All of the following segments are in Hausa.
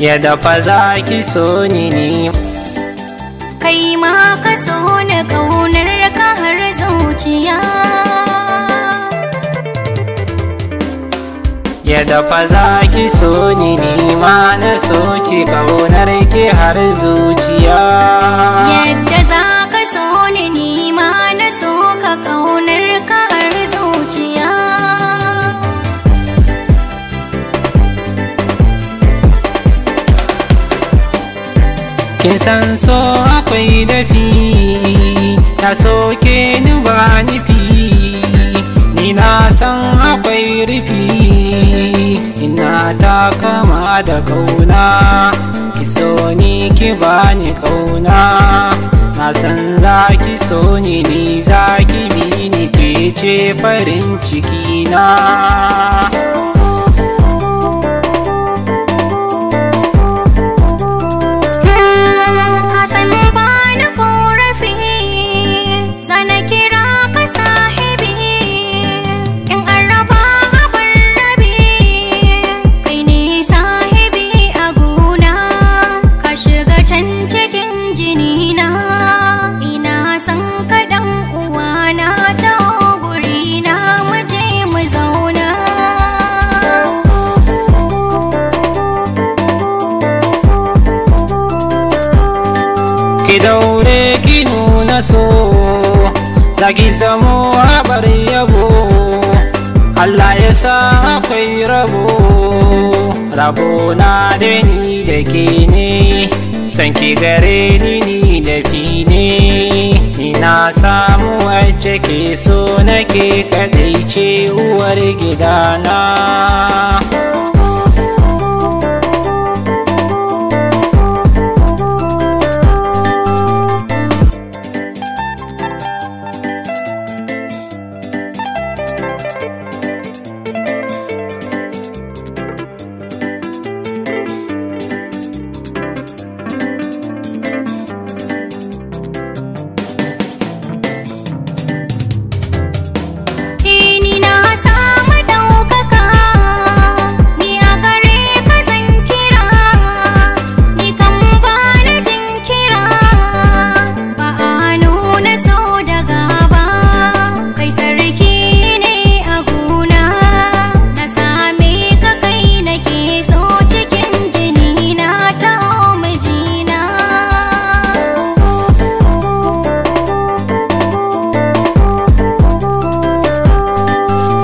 Ya dafa za ki so ni ni kai ma ka so na kaunar ka har zuciya Ya dafa za ki so ni ni ma na so ki kaunar ki har zuciya yadda za kin san so akwai dafi ya soke ni ba ni fi? ni na san akwai rufi ina ta kama da kauna ki so ni ki ba ni kauna na san za ki so ni ni za ki bi ni ke ce farin ciki na ta samu yabo Allah ya sa akwai rabo rabo na da ni da ke ne san ki gare ni ni da fi ne ina samu wacce ke so nake kadai ce uwar gidana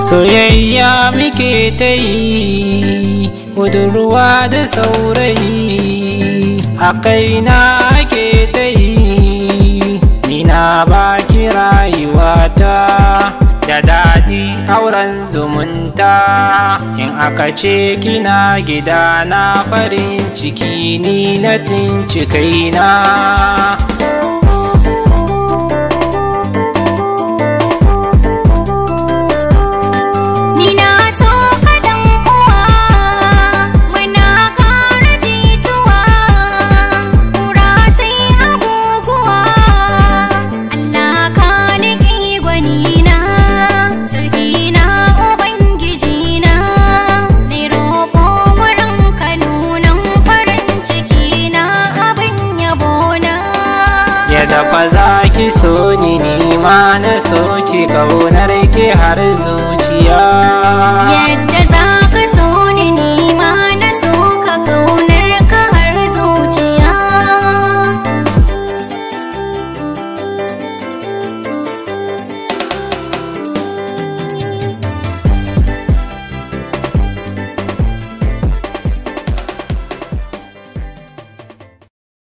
soyayya muke ta yi budurwa da saurayi a kaina ake ta yi nina baki rayuwata da daɗi auren zumunta in aka ce kina gida na farin ciki ni na sincikaina. kaina da fa za ki so ni ni na so ki kaunar ki har zuciya